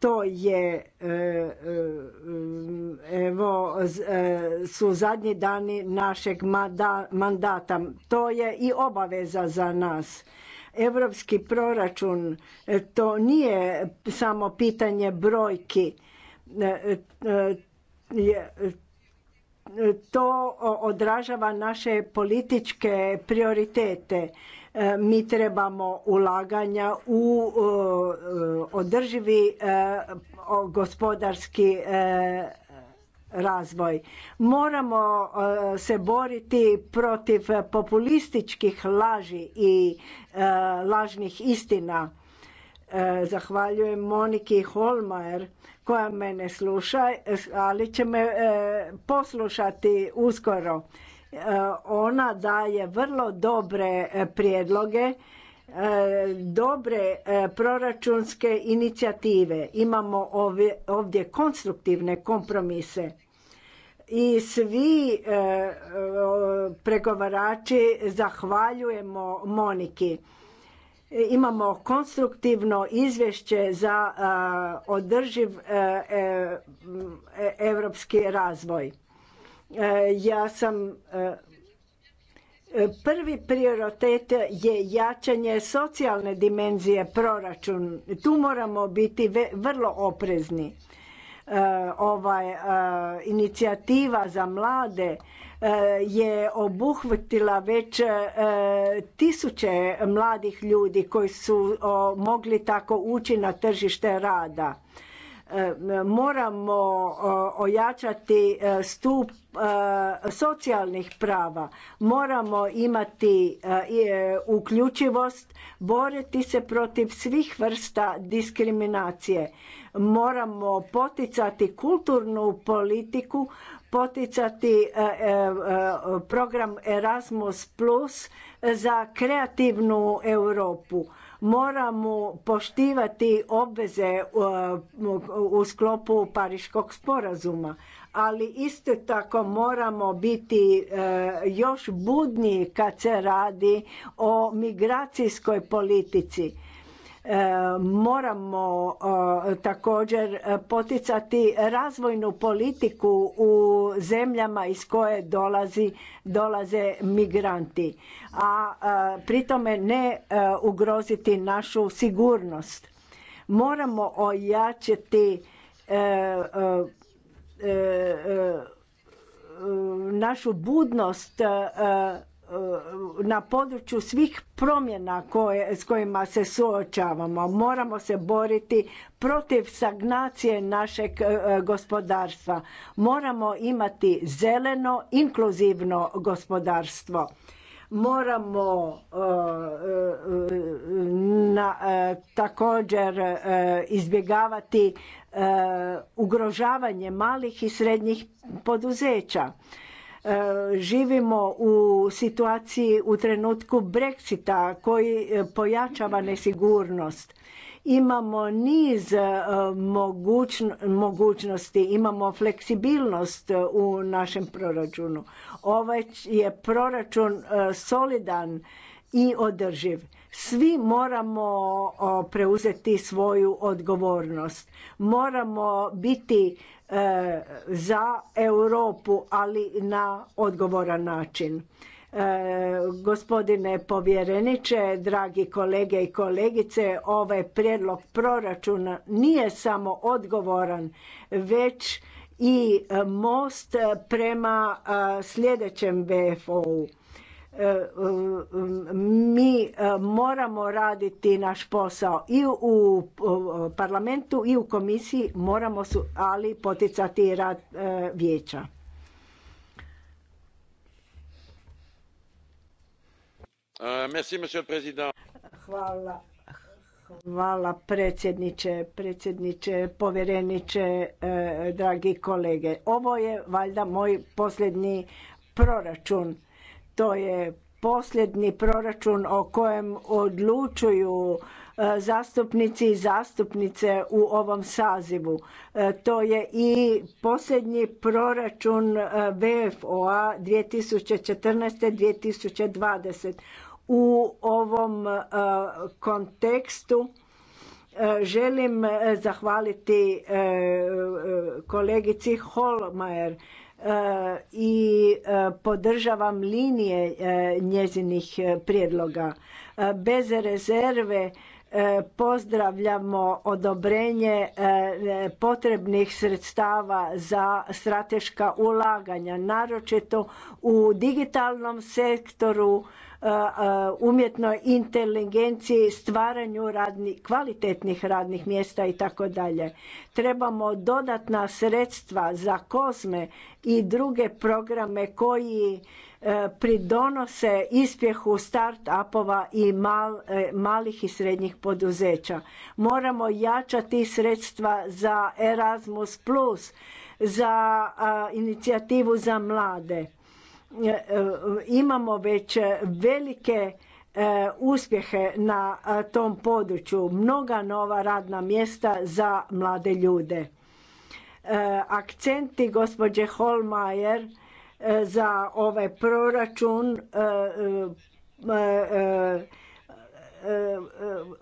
to je e, e, evo e, su zadnji dani našeg mandata to je i obaveza za nas europski proračun to nije samo pitanje brojki to odražava naše političke prioritete E, mi trebamo ulaganja u e, održivi e, gospodarski razvoj. Moramo se boriti protiv populističkih laži i lažnih istina. Zahvaljujem Moniki Holmajer koja mene sluša, ali će me poslušati uskoro. Eh, ona daje vrlo dobre eh, prijedloge, eh, dobre proračunske inicijative. Imamo ovdje konstruktivne kompromise i svi pregovarači zahvaljujemo Moniki. Imamo konstruktivno izvješće za održiv europski e, razvoj. E, ja sam e, prvi prioritet je jačanje socijalne dimenzije proračun. Tu moramo biti vrlo oprezni. E, ovaj inicijativa za mlade je obuhvatila već tisuće mladih ljudi koji su mogli tako ući na tržište rada moramo ojačati e, stup e, socijalnih prava, moramo imati e, uključivost, boriti se protiv svih vrsta diskriminacije. Moramo poticati kulturnu politiku, poticati program Erasmus Plus za kreativnu Europu moramo poštivati obveze e, u sklopu Pariškog sporazuma, ali isto tako moramo biti e, još budniji kad se radi o migracijskoj politici E, moramo također e, poticati razvojnu politiku u zemljama iz koje dolazi, dolaze migranti, a e, pritome ne ugroziti našu sigurnost. Moramo ojačati našu budnost E, na području svih promjena koje, s kojima se suočavamo. Moramo se boriti protiv stagnacije našeg e, gospodarstva. Moramo imati zeleno, inkluzivno gospodarstvo. Moramo e, na, također izbjegavati ugrožavanje malih i srednjih poduzeća Eh, živimo u situaciji u trenutku Brexita koji eh, pojačava nesigurnost. Imamo niz eh, mogućnosti, imamo fleksibilnost u našem proračunu. Ovaj je proračun solidan i održiv svi moramo preuzeti svoju odgovornost. Moramo biti e, za Europu, ali na odgovoran način. E, gospodine povjereniče, dragi kolege i kolegice, ovaj prijedlog proračuna nije samo odgovoran, već i e, most prema sljedećem bfo u E, e, mi e, moramo raditi naš posao i u parlamentu i u komisiji moramo su, ali poticati rad vijeća. Hvala. Hvala predsjedniče, predsjedniče, povjereniče, dragi kolege. Ovo je valjda moj posljednji proračun to je posljednji proračun o kojem odlučuju e, zastupnici i zastupnice u ovom sazivu. E, to je i posljednji proračun e, VFOA 2014-2020. U ovom kontekstu želim zahvaliti kolegici Holmajer i e, podržavam linije e, njezinih e, prijedloga. Bez rezerve E, pozdravljamo odobrenje e, potrebnih sredstava za strateška ulaganja, naročito u digitalnom sektoru, e, umjetnoj inteligenciji, stvaranju kvalitetnih radnih mjesta i tako dalje. Trebamo dodatna sredstva za kozme i druge programe koji E, pridonose ispjehu start-upova i e, malih i srednjih poduzeća. Moramo jačati sredstva za Erasmus+, plus, za inicijativu za mlade. E, imamo već velike uspjehe na tom području, mnoga nova radna mjesta za mlade ljude. Akcenti gospođe Holmajer za ovaj proračun e, e, e,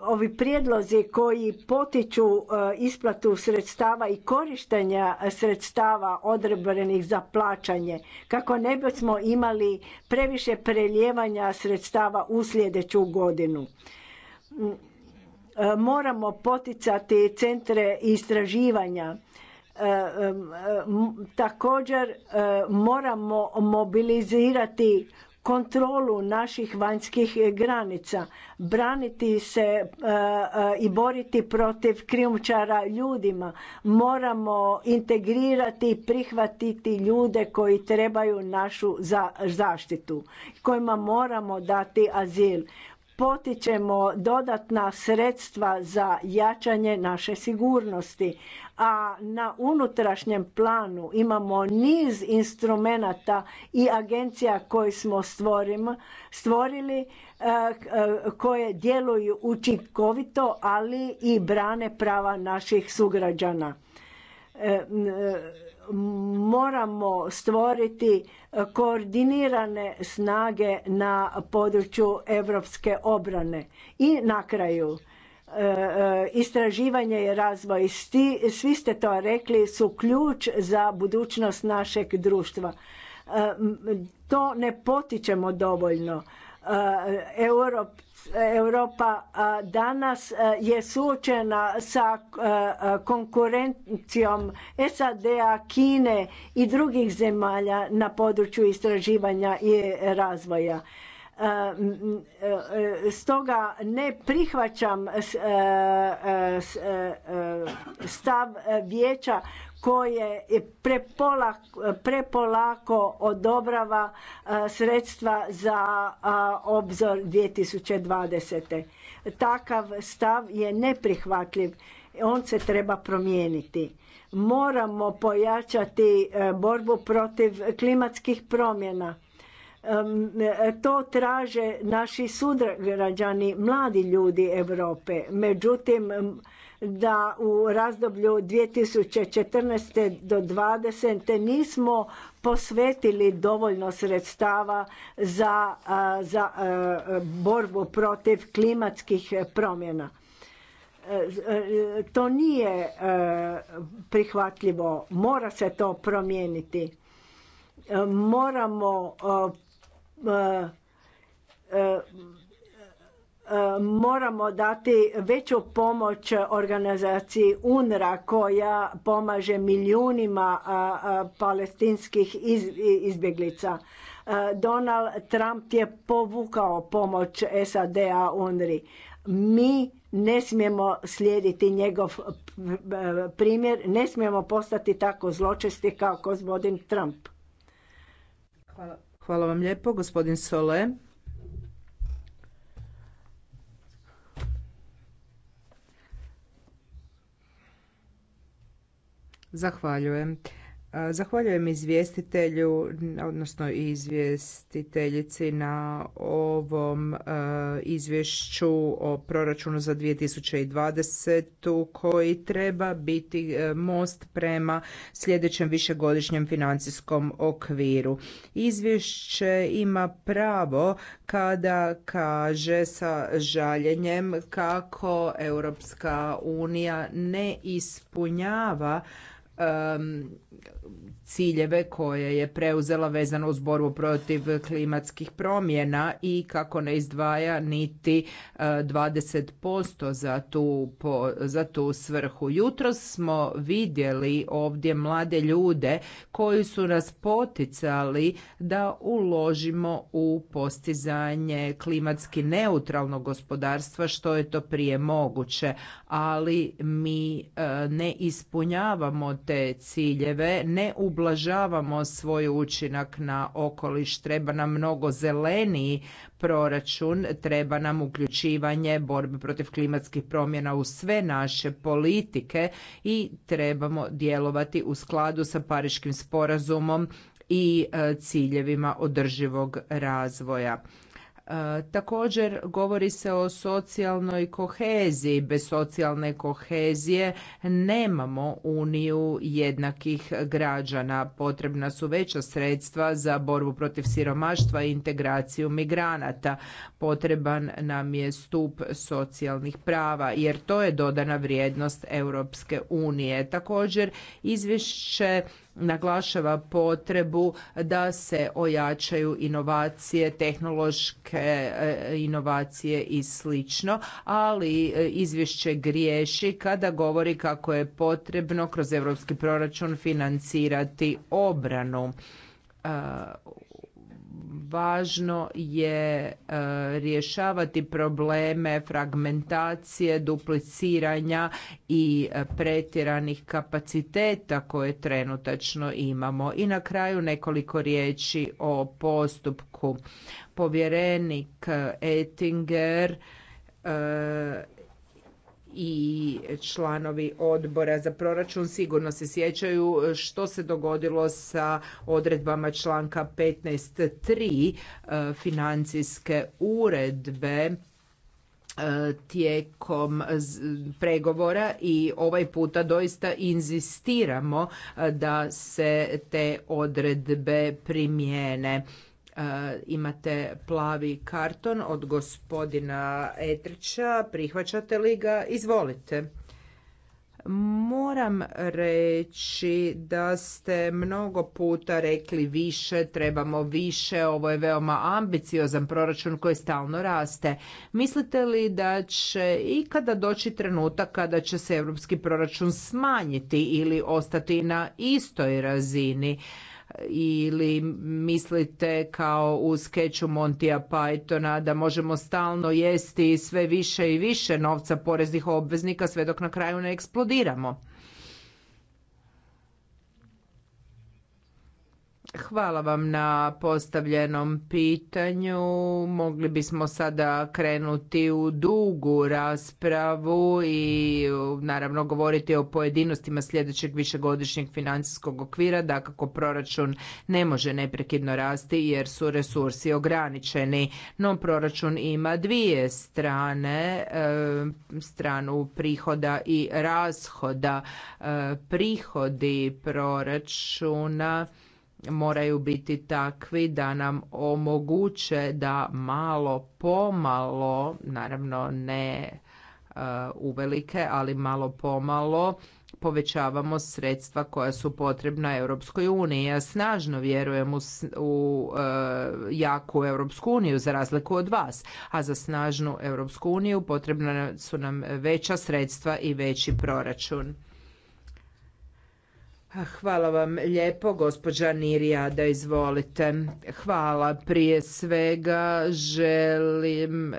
ovi prijedlozi koji potiču isplatu sredstava i korištenja sredstava odrebrenih za plaćanje kako ne bismo imali previše prelijevanja sredstava u sljedeću godinu. Moramo poticati centre istraživanja E, također e, moramo mobilizirati kontrolu naših vanjskih granica, braniti se e, i boriti protiv krijumčara ljudima. Moramo integrirati i prihvatiti ljude koji trebaju našu zaštitu, kojima moramo dati azil potičemo dodatna sredstva za jačanje naše sigurnosti a na unutrašnjem planu imamo niz instrumenata i agencija koje smo stvorili e, e, koje djeluju učinkovito ali i brane prava naših sugrađana e, moramo stvoriti e, koordinirane snage na području europske obrane. I na kraju, e, e, istraživanje i razvoj, svi ste to rekli, su ključ za budućnost našeg društva. To ne potičemo dovoljno. Eh, Europa eh, danas eh, je suočena sa konkurencijom SAD-a, Kine i drugih zemalja na području istraživanja i razvoja. Stoga ne prihvaćam stav vijeća koje prepolako, prepolako odobrava e, sredstva za obzor 2020. Takav stav je neprihvatljiv. On se treba promijeniti. Moramo pojačati e, borbu protiv klimatskih promjena. To traže naši sugrađani, mladi ljudi Europe. Međutim, da u razdoblju 2014. do 2020. nismo posvetili dovoljno sredstava za, za borbu protiv klimatskih promjena. E, e, to nije e, prihvatljivo, mora se to promijeniti. Moramo moramo dati veću pomoć organizaciji UNRA koja pomaže milijunima palestinskih izbjeglica. Donald Trump je povukao pomoć SAD-a UNRI. Mi ne smijemo slijediti njegov e, primjer, ne smijemo postati tako zločesti kao gospodin Trump. Hvala. Hvala vam lijepo, gospodin Sole. Zahvaljujem. E, zahvaljujem izvjestitelju, odnosno izvjestiteljici na ovom e, izvješću o proračunu za 2020. koji treba biti e, most prema sljedećem višegodišnjem financijskom okviru. Izvješće ima pravo kada kaže sa žaljenjem kako Europska unija ne ispunjava um, ciljeve koje je preuzela vezano uz borbu protiv klimatskih promjena i kako ne izdvaja niti 20% e, za tu, za tu svrhu. Jutros smo vidjeli ovdje mlade ljude koji su nas poticali da uložimo u postizanje klimatski neutralnog gospodarstva što je to prije moguće, ali mi e, ne ispunjavamo te ciljeve ne ublažavamo svoj učinak na okoliš. Treba nam mnogo zeleniji proračun, treba nam uključivanje borbe protiv klimatskih promjena u sve naše politike i trebamo djelovati u skladu sa Pariškim sporazumom i e, ciljevima održivog razvoja. E, također govori se o socijalnoj koheziji. Bez socijalne kohezije nemamo uniju jednakih građana. Potrebna su veća sredstva za borbu protiv siromaštva i integraciju migranata. Potreban nam je stup socijalnih prava jer to je dodana vrijednost Europske unije. Također izvješće naglašava potrebu da se ojačaju inovacije, tehnološke e, inovacije i slično, ali e, izvješće griješi kada govori kako je potrebno kroz europski proračun financirati obranu e, važno je e, rješavati probleme fragmentacije, dupliciranja i pretjeranih kapaciteta koje trenutačno imamo. I na kraju nekoliko riječi o postupku. Povjerenik Ettinger e, i članovi odbora za proračun sigurno se sjećaju e, što se dogodilo sa odredbama članka 15.3 e, financijske uredbe e, tijekom pregovora i ovaj puta doista inzistiramo da se te odredbe primijene. E, imate plavi karton od gospodina Etrića. Prihvaćate li ga? Izvolite. Moram reći da ste mnogo puta rekli više, trebamo više, ovo je veoma ambiciozan proračun koji stalno raste. Mislite li da će ikada doći trenutak kada će se europski proračun smanjiti ili ostati na istoj razini? ili mislite kao u skeću Montija Pythona da možemo stalno jesti sve više i više novca poreznih obveznika sve dok na kraju ne eksplodiramo. Hvala vam na postavljenom pitanju. Mogli bismo sada krenuti u dugu raspravu i naravno govoriti o pojedinostima sljedećeg višegodišnjeg financijskog okvira, dakako proračun ne može neprekidno rasti jer su resursi ograničeni. No proračun ima dvije strane, e, stranu prihoda i rashoda. E, prihodi proračuna moraju biti takvi da nam omoguće da malo pomalo, naravno ne e, uvelike, ali malo pomalo povećavamo sredstva koja su potrebna Europskoj uniji. Ja snažno vjerujem u, e, jaku Europsku uniju za razliku od vas, a za snažnu Europsku uniju potrebna su nam veća sredstva i veći proračun. Ah, hvala vam lijepo, gospođa Nirijada, izvolite. Hvala prije svega, želim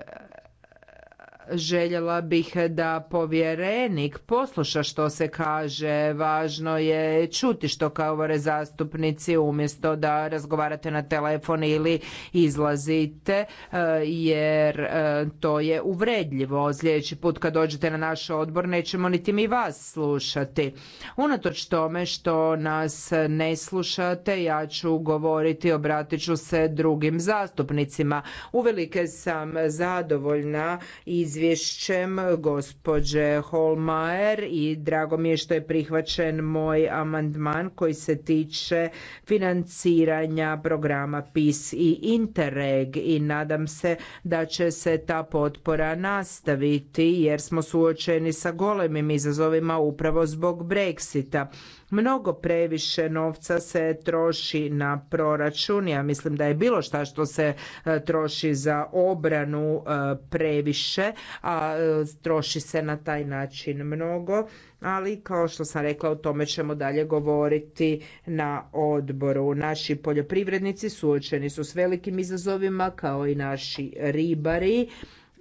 željela bih da povjerenik posluša što se kaže. Važno je čuti što kao zastupnici umjesto da razgovarate na telefon ili izlazite e, jer e, to je uvredljivo. Sljedeći put kad dođete na naš odbor nećemo niti mi vas slušati. Unatoč tome što nas ne slušate ja ću govoriti, obratit ću se drugim zastupnicima. Uvelike sam zadovoljna i izvješćem gospođe Holmajer i drago mi je što je prihvaćen moj amandman koji se tiče financiranja programa PIS i Interreg i nadam se da će se ta potpora nastaviti jer smo suočeni sa golemim izazovima upravo zbog Brexita. Mnogo previše novca se troši na proračun. Ja mislim da je bilo šta što se e, troši za obranu e, previše a e, troši se na taj način mnogo, ali kao što sam rekla o tome ćemo dalje govoriti na odboru. Naši poljoprivrednici suočeni su s velikim izazovima kao i naši ribari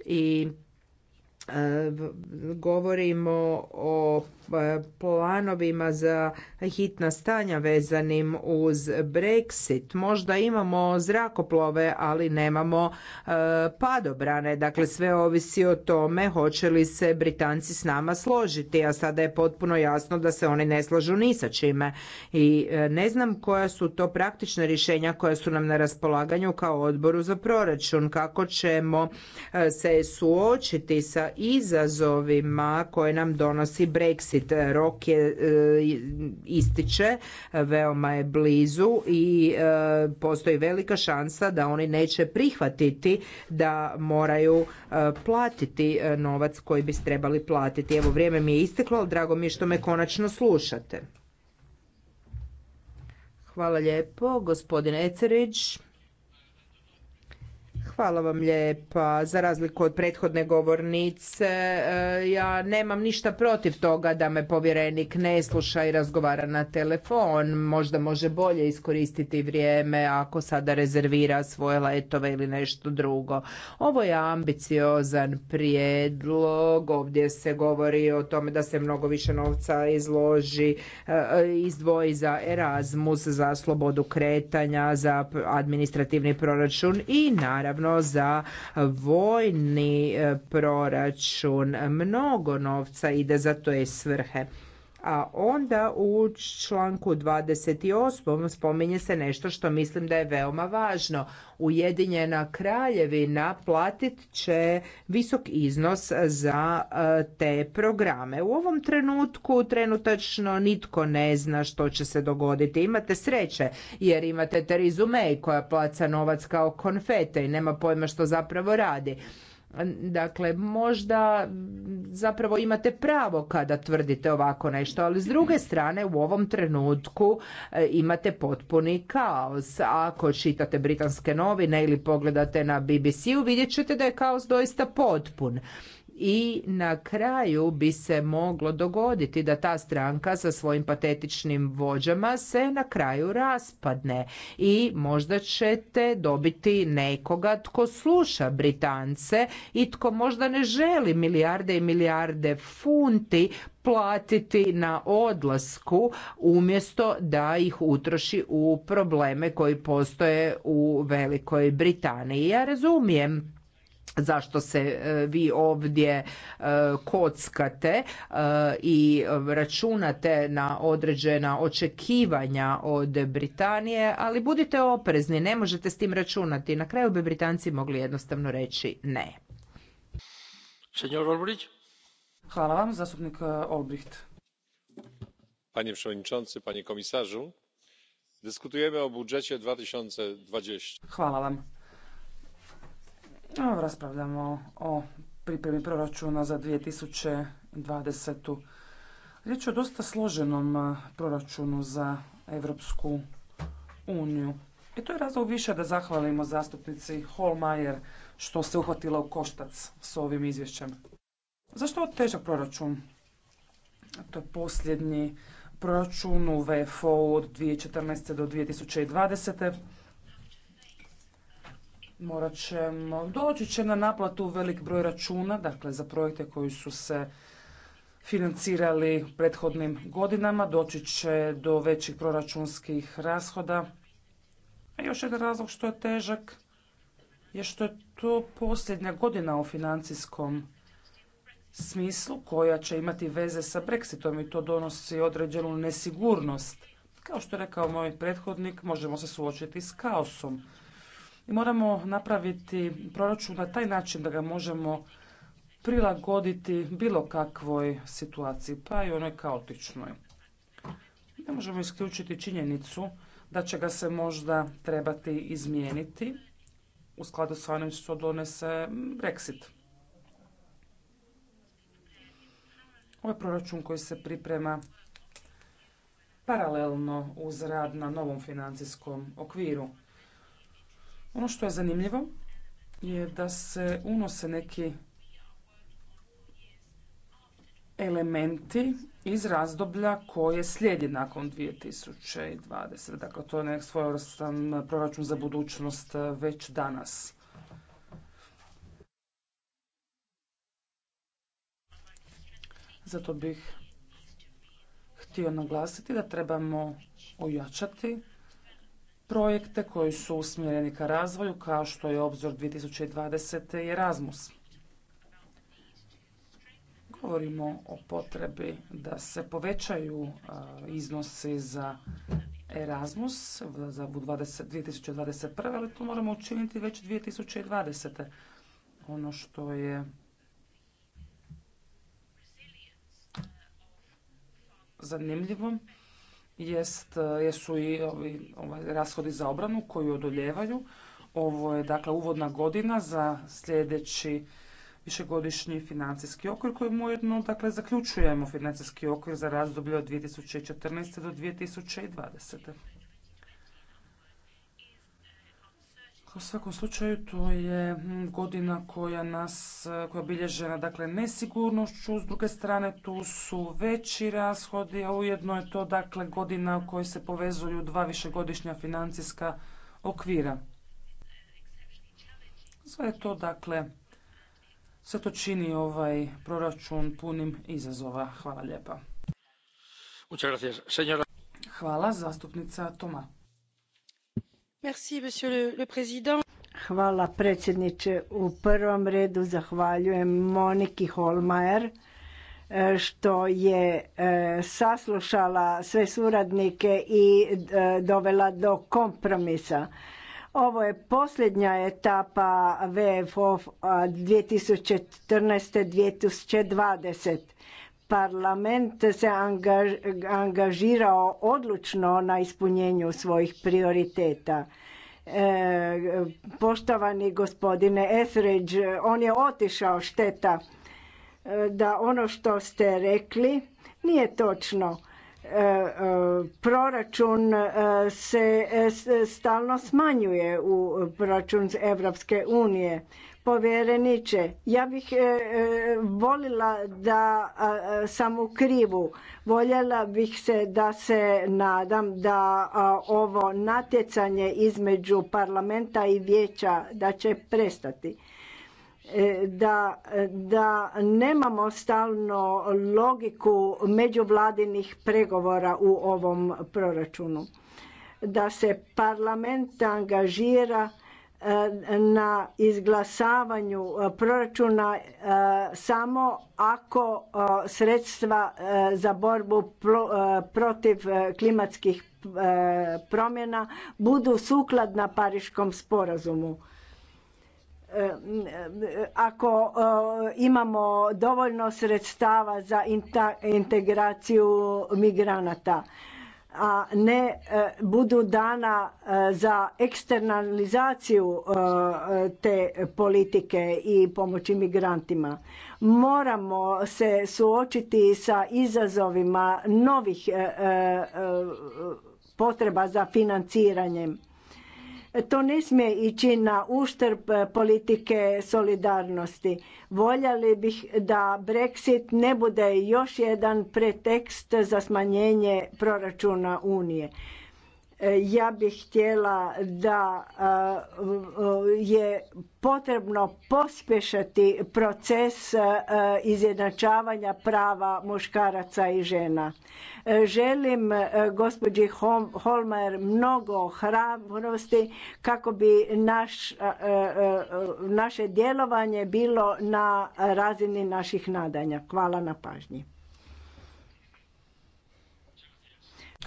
i e, govorimo o Eh, planovima za hitna stanja vezanim uz Brexit. Možda imamo zrakoplove, ali nemamo eh, padobrane. Dakle, sve ovisi o tome hoće li se Britanci s nama složiti, a sada je potpuno jasno da se oni ne slažu ni sa čime. I eh, ne znam koja su to praktična rješenja koja su nam na raspolaganju kao odboru za proračun. Kako ćemo se suočiti sa izazovima koje nam donosi Brexit Brexit. Rok je e, ističe, veoma je blizu i e, postoji velika šansa da oni neće prihvatiti da moraju e, platiti novac koji bi trebali platiti. Evo vrijeme mi je isteklo, ali drago mi je što me konačno slušate. Hvala lijepo, gospodine Ecerić. Hvala vam lijepa. Za razliku od prethodne govornice, e, ja nemam ništa protiv toga da me povjerenik ne sluša i razgovara na telefon. Možda može bolje iskoristiti vrijeme ako sada rezervira svoje letove ili nešto drugo. Ovo je ambiciozan prijedlog. Ovdje se govori o tome da se mnogo više novca izloži, e, izdvoji za Erasmus, za slobodu kretanja, za administrativni proračun i naravno za vojni e, proračun. Mnogo novca ide za to je svrhe. A onda u članku 28. spominje se nešto što mislim da je veoma važno. Ujedinjena kraljevina platit će visok iznos za e, te programe. U ovom trenutku trenutačno nitko ne zna što će se dogoditi. Imate sreće jer imate Terizu May koja placa novac kao konfete i nema pojma što zapravo radi. Dakle, možda zapravo imate pravo kada tvrdite ovako nešto, ali s druge strane u ovom trenutku e, imate potpuni kaos. Ako čitate britanske novine ili pogledate na BBC-u vidjet ćete da je kaos doista potpun i na kraju bi se moglo dogoditi da ta stranka sa svojim patetičnim vođama se na kraju raspadne i možda ćete dobiti nekoga tko sluša Britance i tko možda ne želi milijarde i milijarde funti platiti na odlasku umjesto da ih utroši u probleme koji postoje u Velikoj Britaniji. Ja razumijem zašto se e, vi ovdje e, kockate e, i računate na određena očekivanja od Britanije, ali budite oprezni, ne možete s tim računati. Na kraju bi Britanci mogli jednostavno reći ne. Hvala vam, zastupnik Olbricht. Panie przewodniczący, panie komisarzu, dyskutujemy o budżecie 2020. Hvala vam. Raspravljamo o pripremi proračuna za 2020. Riječ je o dosta složenom proračunu za Evropsku uniju. I to je razlog više da zahvalimo zastupnici Holmajer što se uhvatila u koštac s ovim izvješćem. Zašto je težak proračun? To je posljednji proračun u VFO od 2014. do 2020 morat ćemo, doći će na naplatu velik broj računa, dakle za projekte koji su se financirali prethodnim godinama, doći će do većih proračunskih rashoda. A još jedan razlog što je težak je što je to posljednja godina u financijskom smislu koja će imati veze sa Brexitom i to donosi određenu nesigurnost. Kao što je rekao moj prethodnik, možemo se suočiti s kaosom. I moramo napraviti proračun na taj način da ga možemo prilagoditi bilo kakvoj situaciji, pa i onoj kaotičnoj. Ne možemo isključiti činjenicu da će ga se možda trebati izmijeniti u skladu sa onim što donese Brexit. je proračun koji se priprema paralelno uz rad na novom financijskom okviru. Ono što je zanimljivo je da se unose neki elementi iz razdoblja koje slijedi nakon 2020. Dakle, to je nek svojevrstan proračun za budućnost e, već danas. Zato bih htio naglasiti da trebamo ojačati projekte koji su usmjereni ka razvoju kao što je obzor 2020. i Erasmus. Govorimo o potrebi da se povećaju iznosi za Erasmus za 2021. ali to moramo učiniti već 2020. Ono što je zanimljivo jest, jesu i ovi, ovaj, rashodi za obranu koji odoljevaju. Ovo je dakle uvodna godina za sljedeći višegodišnji financijski okvir kojim ujedno dakle zaključujemo financijski okvir za razdoblje od 2014. do 2020. U svakom slučaju to je hm, godina koja nas, koja je obilježena dakle nesigurnošću, s druge strane tu su veći rashodi, a ujedno je to dakle godina u kojoj se povezuju dva višegodišnja financijska okvira. Sve je to dakle, sve to čini ovaj proračun punim izazova. Hvala lijepa. Hvala, zastupnica Toma. Hvala predsjedniče. U prvom redu zahvaljujem Moniki Holmajer e, što je e, saslušala sve suradnike i e, dovela do kompromisa. Ovo je posljednja etapa VFO 2014-2020. Parlament se angažirao odlučno na ispunjenju svojih prioriteta. E, poštovani gospodine Etheridge, on je otišao šteta e, da ono što ste rekli nije točno. E, proračun se stalno smanjuje u proračun Evropske unije povjereniče ja bih e, e, volila da sam u krivu voljela bih se da se nadam da ovo natjecanje između parlamenta i vijeća da će prestati e, da, da nemamo stalno logiku međuvladinih pregovora u ovom proračunu da se parlament angažira na izglasavanju e, proračuna e, samo ako e, sredstva za borbu protiv klimatskih promjena budu sukladna Pariškom sporazumu. Ako imamo dovoljno sredstava za integraciju migranata a ne e, budu dana e, za eksternalizaciju e, te politike i pomoći migrantima. Moramo se suočiti sa izazovima novih potreba za financiranjem to ne smije ići na uštrb e, politike solidarnosti. Voljali bih da Brexit ne bude još jedan pretekst za smanjenje proračuna Unije ja bih htjela da e, je potrebno pospješati proces e, izjednačavanja prava muškaraca i žena. E, želim gospođi Holmer mnogo hrabrosti kako bi naš, naše djelovanje bilo na razini naših nadanja. Hvala na pažnji.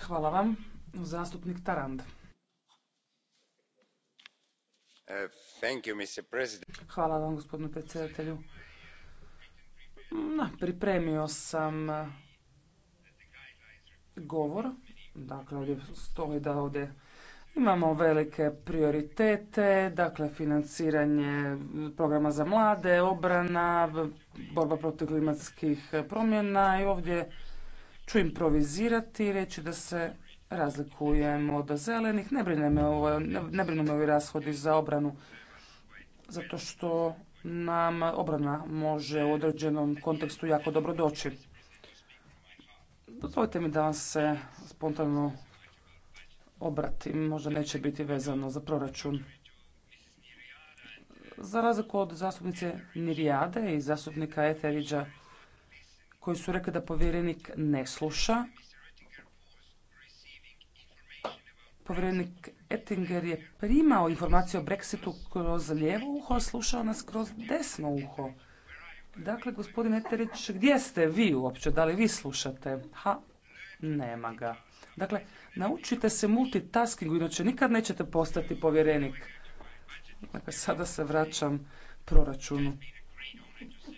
Hvala vam. Zastupnik Tarand. Hvala vam, gospodine predsjedatelju. pripremio sam govor. Dakle, ovdje stoji da ovdje imamo velike prioritete, dakle, financiranje programa za mlade, obrana, borba protiv klimatskih promjena i ovdje ću improvizirati i reći da se razlikujemo od zelenih. Ne brinu me ovi rashodi za obranu, zato što nam obrana može u određenom kontekstu jako dobro doći. Dozvolite mi da vam se spontano obratim, možda neće biti vezano za proračun. Za razliku od zastupnice Nirijade i zastupnika Eteriđa, koji su rekli da povjerenik ne sluša, Povjerenik Ettinger je primao informaciju o Brexitu kroz lijevo uho, a slušao nas kroz desno uho. Dakle, gospodin Eterić, gdje ste vi uopće? Da li vi slušate? Ha, nema ga. Dakle, naučite se multitaskingu, inače nikad nećete postati povjerenik. Dakle, sada se vraćam proračunu.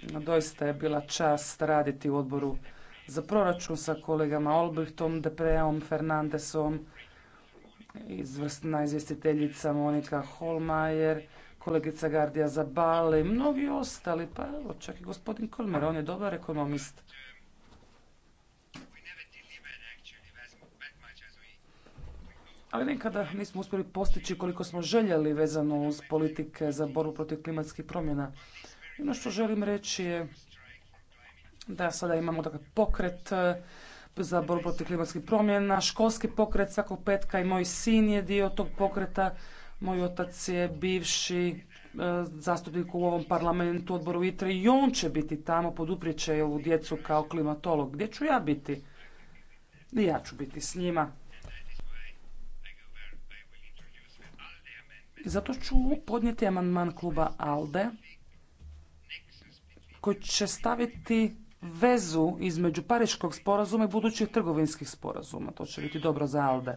Doista je bila čast raditi u odboru za proračun sa kolegama Olbrichtom, Depreom, Fernandesom, izvrsna izvjestiteljica Monika Holmajer, kolegica Gardija Zabale i mnogi ostali, pa evo čak i gospodin Kolmer, on je dobar ekonomist. Ali nekada nismo uspjeli postići koliko smo željeli vezano uz politike za borbu protiv klimatskih promjena. ono što želim reći je da sada imamo takav pokret za borbu protiv klimatskih promjena, školski pokret svakog petka i moj sin je dio tog pokreta. Moj otac je bivši e, zastupnik u ovom parlamentu, odboru ITRE i on će biti tamo, poduprijet će ovu djecu kao klimatolog. Gdje ću ja biti? I ja ću biti s njima. Zato ću podnijeti amandman kluba ALDE koji će staviti vezu između Pariškog sporazuma i budućih trgovinskih sporazuma. To će biti dobro za Alde.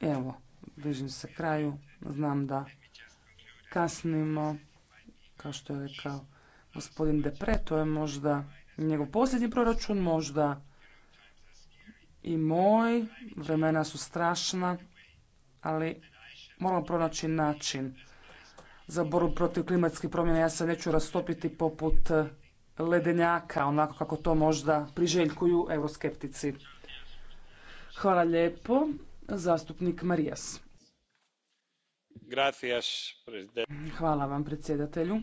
Evo, bližim se kraju. Znam da kasnimo. Kao što je rekao gospodin Depre, to je možda njegov posljednji proračun, možda i moj. Vremena su strašna, ali moramo pronaći način za borbu protiv klimatskih promjena. Ja se neću rastopiti poput ledenjaka, onako kako to možda priželjkuju euroskeptici. Hvala lijepo. Zastupnik Marijas. Hvala vam, predsjedatelju.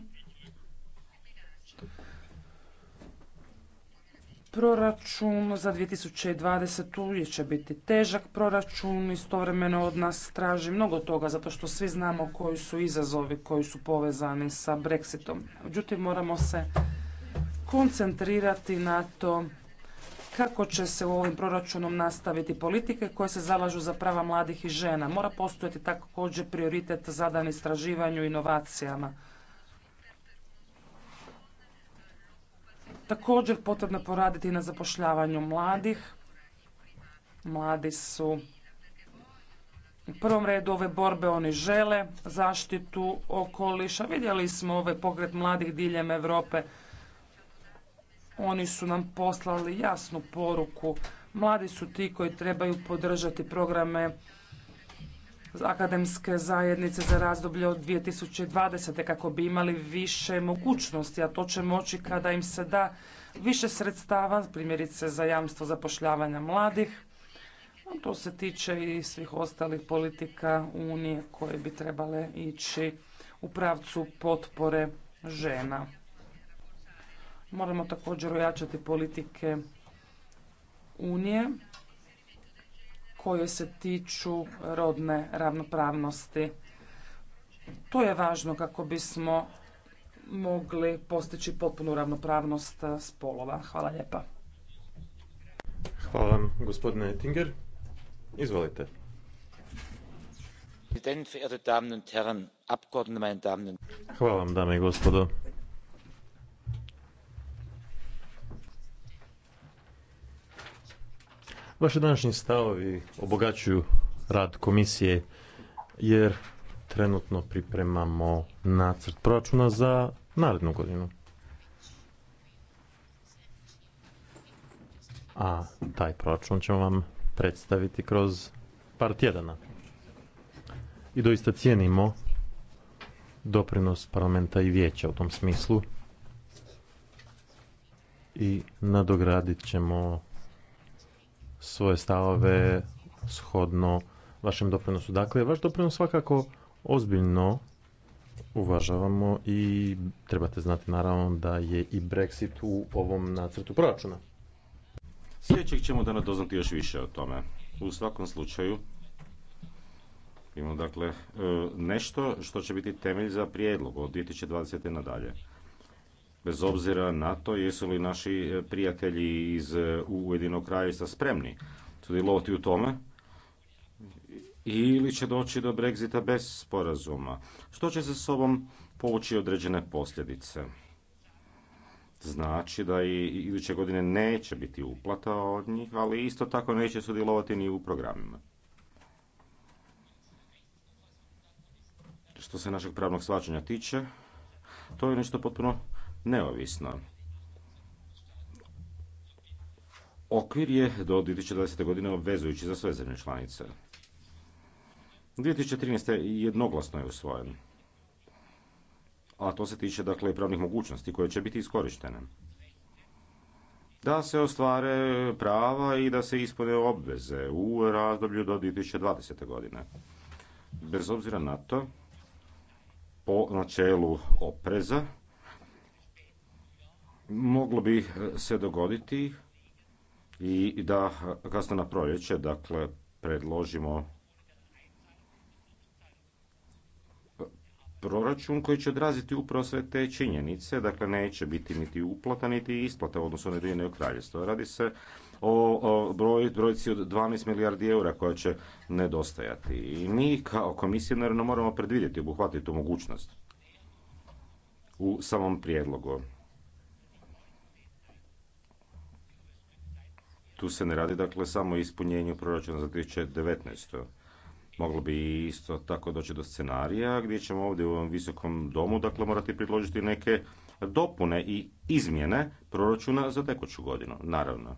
Proračun za 2020. će biti težak proračun, istovremeno od nas traži mnogo toga, zato što svi znamo koji su izazovi koji su povezani sa Brexitom. Međutim, moramo se koncentrirati na to kako će se u ovim proračunom nastaviti politike koje se zalažu za prava mladih i žena. Mora postojati također prioritet zadan istraživanju i inovacijama. Također potrebno je poraditi na zapošljavanju mladih. Mladi su u prvom redu ove borbe oni žele zaštitu okoliša. Vidjeli smo ovaj pogled mladih diljem Europe oni su nam poslali jasnu poruku. Mladi su ti koji trebaju podržati programe akademske zajednice za razdoblje od 2020. kako bi imali više mogućnosti, a to će moći kada im se da više sredstava, primjerice za jamstvo zapošljavanja mladih. To se tiče i svih ostalih politika Unije koje bi trebale ići u pravcu potpore žena. Moramo također ojačati politike Unije koje se tiču rodne ravnopravnosti. To je važno kako bismo mogli postići potpunu ravnopravnost spolova. Hvala lijepa. Hvala vam, gospodine Tinger. Izvolite. Hvala vam, dame i gospodo. Vaše današnji stavovi obogaćuju rad komisije jer trenutno pripremamo nacrt proračuna za narednu godinu. A taj proračun ćemo vam predstaviti kroz par tjedana. I doista cijenimo doprinos parlamenta i vijeća u tom smislu i nadogradit ćemo svoje stavove shodno vašem doprinosu. Dakle, vaš doprinos svakako ozbiljno uvažavamo i trebate znati naravno da je i Brexit u ovom nacrtu proračuna. Sljedećeg ćemo danas doznati još više o tome. U svakom slučaju imamo dakle e, nešto što će biti temelj za prijedlog od 2020. nadalje bez obzira na to jesu li naši e, prijatelji iz e, Ujedinog kraljevstva spremni sudjelovati u tome ili će doći do Brexita bez sporazuma, što će s sobom povući određene posljedice. Znači da i iduće godine neće biti uplata od njih, ali isto tako neće sudjelovati ni u programima. Što se našeg pravnog svačanja tiče, to je nešto potpuno neovisno. Okvir je do 2020. godine obvezujući za sve zemlje članice. 2013. jednoglasno je usvojen. A to se tiče dakle i pravnih mogućnosti koje će biti iskorištene. Da se ostvare prava i da se ispune obveze u razdoblju do 2020. godine. Bez obzira na to, po načelu opreza, moglo bi eh, se dogoditi i da eh, kasno na proljeće, dakle, predložimo eh, proračun koji će odraziti upravo sve te činjenice, dakle neće biti niti uplata niti isplata odnosno odnosu na kraljevstvo. Radi se o, o broj, brojci od 12 milijardi eura koja će nedostajati. I mi kao komisija naravno moramo predvidjeti, obuhvatiti tu mogućnost u samom prijedlogu. Tu se ne radi dakle samo o ispunjenju proračuna za 2019. Moglo bi isto tako doći do scenarija gdje ćemo ovdje u ovom visokom domu dakle morati predložiti neke dopune i izmjene proračuna za tekuću godinu, naravno.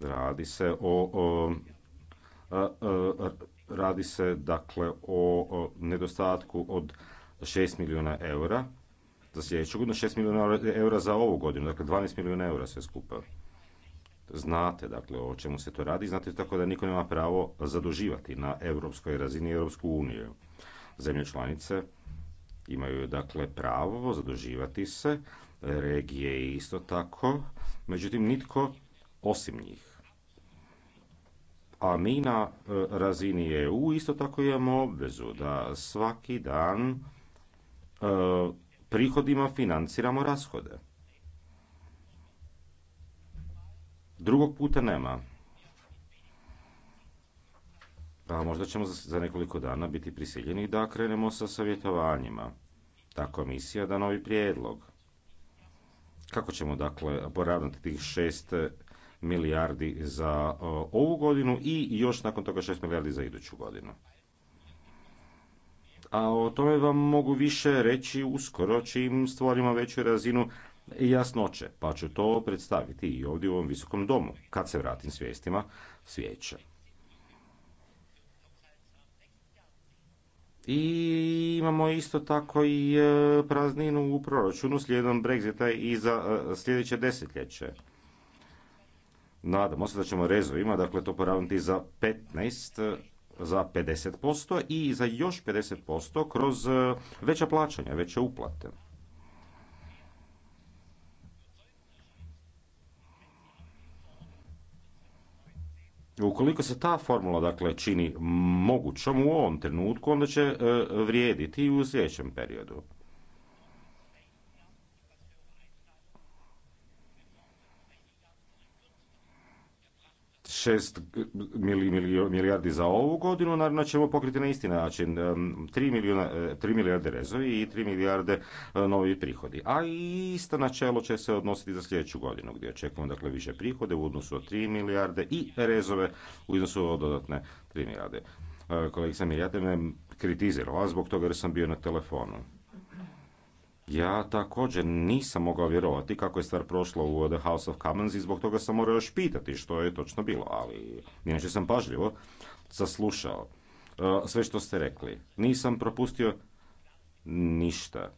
Radi se o, radi se dakle o, nedostatku od 6 milijuna eura za sljedeću godinu, 6 milijuna eura za ovu godinu, dakle 12 milijuna eura sve skupa znate dakle o čemu se to radi, znate tako da niko nema pravo zaduživati na europskoj razini Europsku uniju. Zemlje članice imaju dakle pravo zaduživati se, regije isto tako, međutim nitko osim njih. A mi na e, razini EU isto tako imamo obvezu da svaki dan e, prihodima financiramo rashode. Drugog puta nema. Pa možda ćemo za nekoliko dana biti prisiljeni da krenemo sa savjetovanjima. Ta komisija da novi prijedlog. Kako ćemo dakle poravnati tih šest milijardi za ovu godinu i još nakon toga šest milijardi za iduću godinu. A o tome vam mogu više reći uskoro čim stvorimo veću razinu i jasnoće, pa ću to predstaviti i ovdje u ovom visokom domu, kad se vratim s vijestima svijeće. I imamo isto tako i e, prazninu u proračunu slijedom Brexita i za e, sljedeće desetljeće. Nadamo se da ćemo rezovima, dakle to poravnuti za 15 za 50% i za još 50% kroz e, veća plaćanja, veće uplate. Ukoliko se ta formula dakle čini mogućom u ovom trenutku, onda će e, vrijediti i u sljedećem periodu. 6 milijardi za ovu godinu, naravno ćemo pokriti na isti način 3, milijuna, 3 e, milijarde rezovi i 3 milijarde e, novi prihodi. A i isto načelo će se odnositi za sljedeću godinu gdje očekujemo dakle više prihode u odnosu od 3 milijarde i rezove u iznosu od dodatne 3 milijarde. E, kolegica ja me kritizirala zbog toga jer sam bio na telefonu. Ja također nisam mogao vjerovati kako je stvar prošla u The House of Commons i zbog toga sam morao još pitati što je točno bilo, ali inače sam pažljivo saslušao e, sve što ste rekli. Nisam propustio ništa.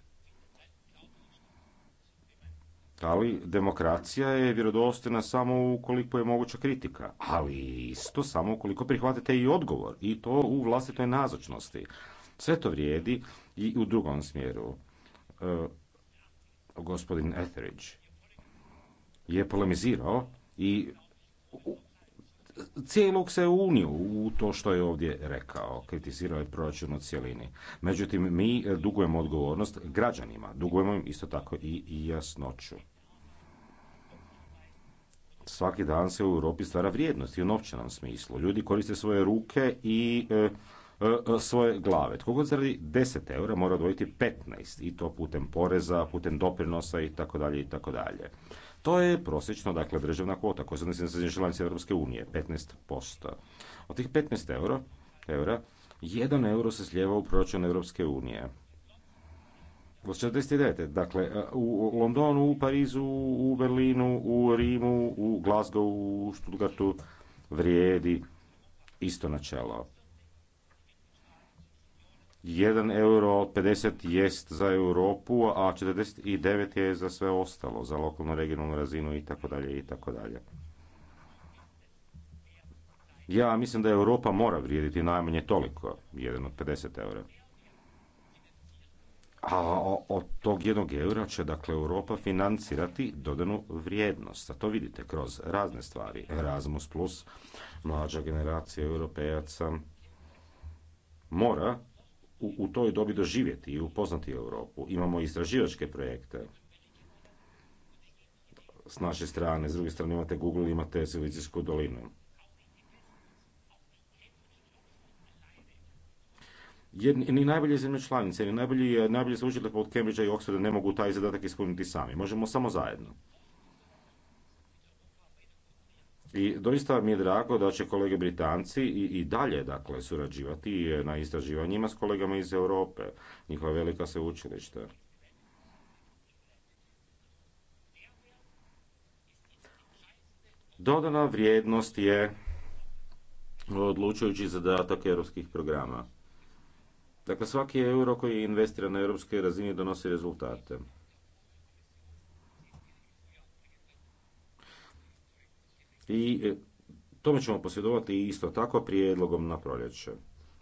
Ali demokracija je vjerodostojna samo ukoliko je moguća kritika, ali isto samo ukoliko prihvatite i odgovor i to u vlastitoj nazočnosti. Sve to vrijedi i u drugom smjeru. E, gospodin Etheridge je polemizirao i cijelog se uniju u to što je ovdje rekao, kritizirao je proračun u cjelini. Međutim, mi dugujemo odgovornost građanima, dugujemo im isto tako i, i jasnoću. Svaki dan se u Europi stvara vrijednost i u novčanom smislu. Ljudi koriste svoje ruke i e, E, e, svoje glave. Tko god zaradi 10 eura mora odvojiti 15 i to putem poreza, putem doprinosa i tako dalje i tako dalje. To je prosječno, dakle, državna kvota koja se odnosi na srednje članice Europske unije, 15%. Od tih 15 euro, eura, 1 euro se slijeva u proračun Europske unije. Od 49. Dakle, e, u Londonu, u Parizu, u Berlinu, u Rimu, u Glasgowu, u Stuttgartu vrijedi isto načelo. 1 euro 50 jest za Europu, a 49 je za sve ostalo, za lokalnu regionalnu razinu i tako dalje i tako dalje. Ja mislim da Europa mora vrijediti najmanje toliko, jedan od 50 eura. A od tog jednog eura će dakle Europa financirati dodanu vrijednost. A to vidite kroz razne stvari. Erasmus+, mlađa generacija europejaca mora u, u toj dobi doživjeti i upoznati Europu. Imamo istraživačke projekte s naše strane, s druge strane imate Google, imate Silicijsku dolinu. Jedni, ni najbolje zemlje članice, ni najbolji, najbolje sveučilišta od Cambridgea i Oxforda ne mogu taj zadatak ispuniti sami. Možemo samo zajedno. I doista mi je drago da će kolege Britanci i, i dalje dakle surađivati na istraživanjima s kolegama iz Europe, njihova velika sveučilišta. Dodana vrijednost je odlučujući zadatak europskih programa. Dakle, svaki euro koji je investiran na europskoj razini donosi rezultate. I e, tome ćemo posvjedovati isto tako prijedlogom na proljeće.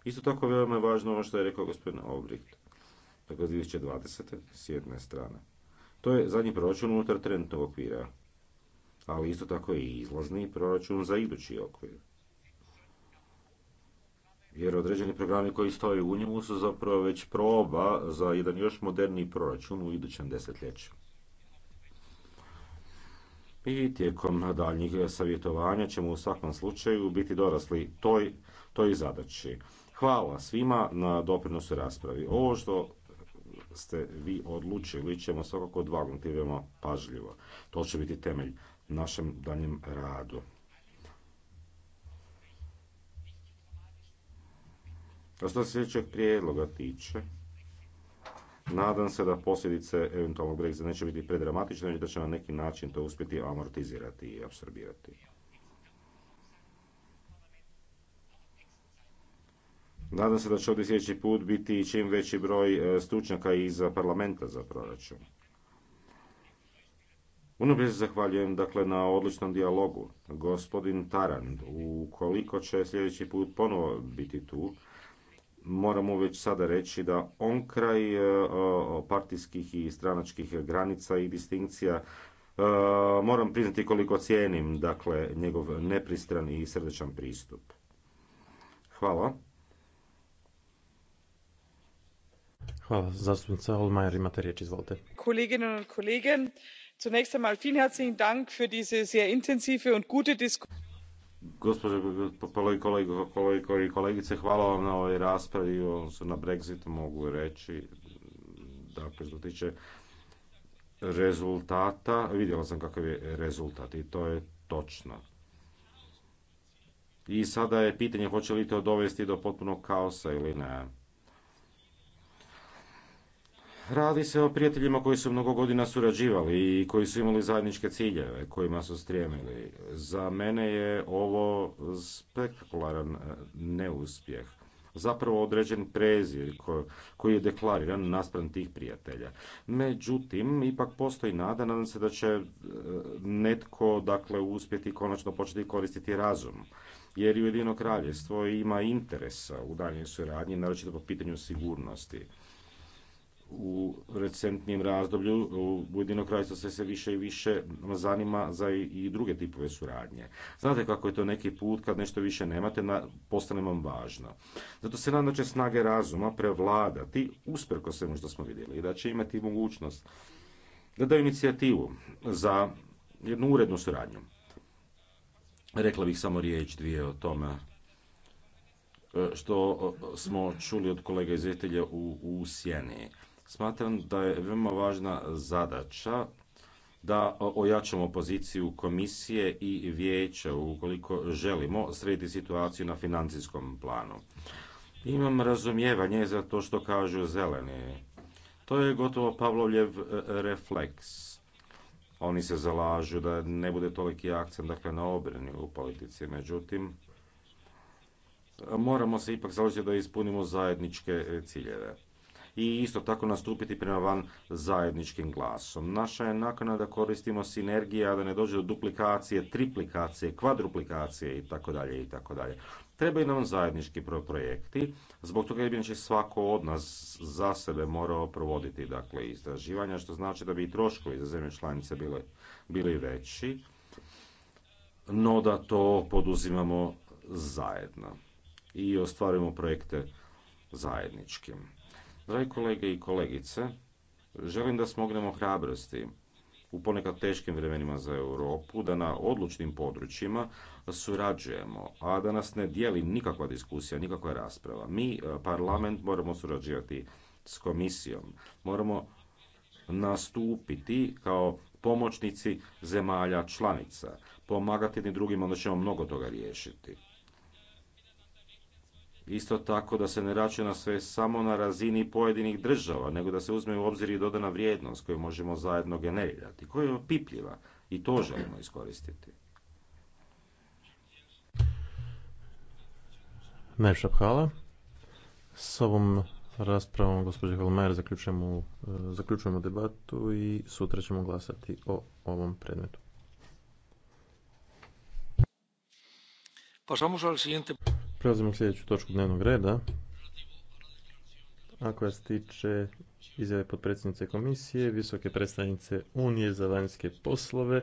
Isto tako veoma je važno ono što je rekao gospodin Obricht. Dakle, 2020. s jedne strane. To je zadnji proračun unutar trenutnog okvira, ali isto tako i izlazni proračun za idući okvir. Jer određeni programi koji stoje u njemu su zapravo već proba za jedan još moderniji proračun u idućem desetljeću i tijekom daljnjih savjetovanja ćemo u svakom slučaju biti dorasli toj, toj zadaći. Hvala svima na doprinosu raspravi. Ovo što ste vi odlučili ćemo svakako odvagnuti pažljivo. To će biti temelj našem daljnjem radu. što se sljedećeg prijedloga tiče, Nadam se da posljedice eventualnog Brexita neće biti predramatične, već da će na neki način to uspjeti amortizirati i apsorbirati. Nadam se da će ovdje sljedeći put biti čim veći broj e, stručnjaka iz parlamenta za proračun. Unaprijed zahvaljujem dakle na odličnom dijalogu. Gospodin Tarand, ukoliko će sljedeći put ponovo biti tu, moramo već sada reći da on kraj e, partijskih i stranačkih granica i distinkcija e, moram priznati koliko cijenim dakle njegov nepristran i srdečan pristup. Hvala. Hvala. Zastupnica Olmajer, imate riječ, izvolite. Kolleginnen i Kollegen, zunächst einmal vielen herzlichen Dank für diese sehr intensive und gute diskusije. Gospođo i kolegice, hvala vam na ovoj raspravi odnosno na Brexit mogu reći. Dakle, što tiče rezultata, vidjela sam kakav je rezultat i to je točno. I sada je pitanje hoće li to dovesti do potpunog kaosa ili ne. Radi se o prijateljima koji su mnogo godina surađivali i koji su imali zajedničke ciljeve kojima su stremili. Za mene je ovo spektakularan e, neuspjeh. Zapravo određen prezir koji je deklariran naspram tih prijatelja. Međutim, ipak postoji nada, nadam se da će e, netko dakle, uspjeti konačno početi koristiti razum jer Ujedino kraljevstvo ima interesa u daljnjoj suradnji, naročito po pitanju sigurnosti u recentnijem razdoblju Ujedino sve se više i više zanima za i druge tipove suradnje. Znate kako je to neki put kad nešto više nemate, postane vam važno. Zato se nadam da će snage razuma prevladati usprko svemu što smo vidjeli i da će imati mogućnost da daju inicijativu za jednu urednu suradnju. Rekla bih samo riječ dvije o tome e, što smo čuli od kolega izvjetelja u, u Sjeni. Smatram da je veoma važna zadaća da ojačamo poziciju komisije i vijeća ukoliko želimo srediti situaciju na financijskom planu. Imam razumijevanje za to što kažu zeleni. To je gotovo Pavlovljev e, refleks. Oni se zalažu da ne bude toliki akcent dakle, na obrani u politici. Međutim, moramo se ipak založiti da ispunimo zajedničke ciljeve i isto tako nastupiti prema van zajedničkim glasom. Naša je nakona da koristimo sinergije, da ne dođe do duplikacije, triplikacije, kvadruplikacije i tako dalje i tako dalje. Trebaju nam zajednički projekti, zbog toga je svako od nas za sebe morao provoditi dakle, istraživanja, što znači da bi i troškovi za zemlje članice bili veći, no da to poduzimamo zajedno i ostvarujemo projekte zajedničkim. Dragi kolege i kolegice, želim da smognemo hrabrosti u ponekad teškim vremenima za Europu, da na odlučnim područjima surađujemo, a da nas ne dijeli nikakva diskusija, nikakva rasprava. Mi, e, parlament, moramo surađivati s komisijom. Moramo nastupiti kao pomoćnici zemalja članica. Pomagati ni drugim, onda ćemo mnogo toga riješiti. Isto tako da se ne računa sve samo na razini pojedinih država, nego da se uzme u obzir i dodana vrijednost koju možemo zajedno generirati, koja je opipljiva i to želimo iskoristiti. Najljepša hvala. S ovom raspravom gospođe Holmajer zaključujemo, e, zaključujemo debatu i sutra ćemo glasati o ovom predmetu. Pasamos al siguiente. Prelazimo k sljedeću točku dnevnog reda. ako koja se tiče izjave potpredsjednice komisije, visoke predstavnice Unije za vanjske poslove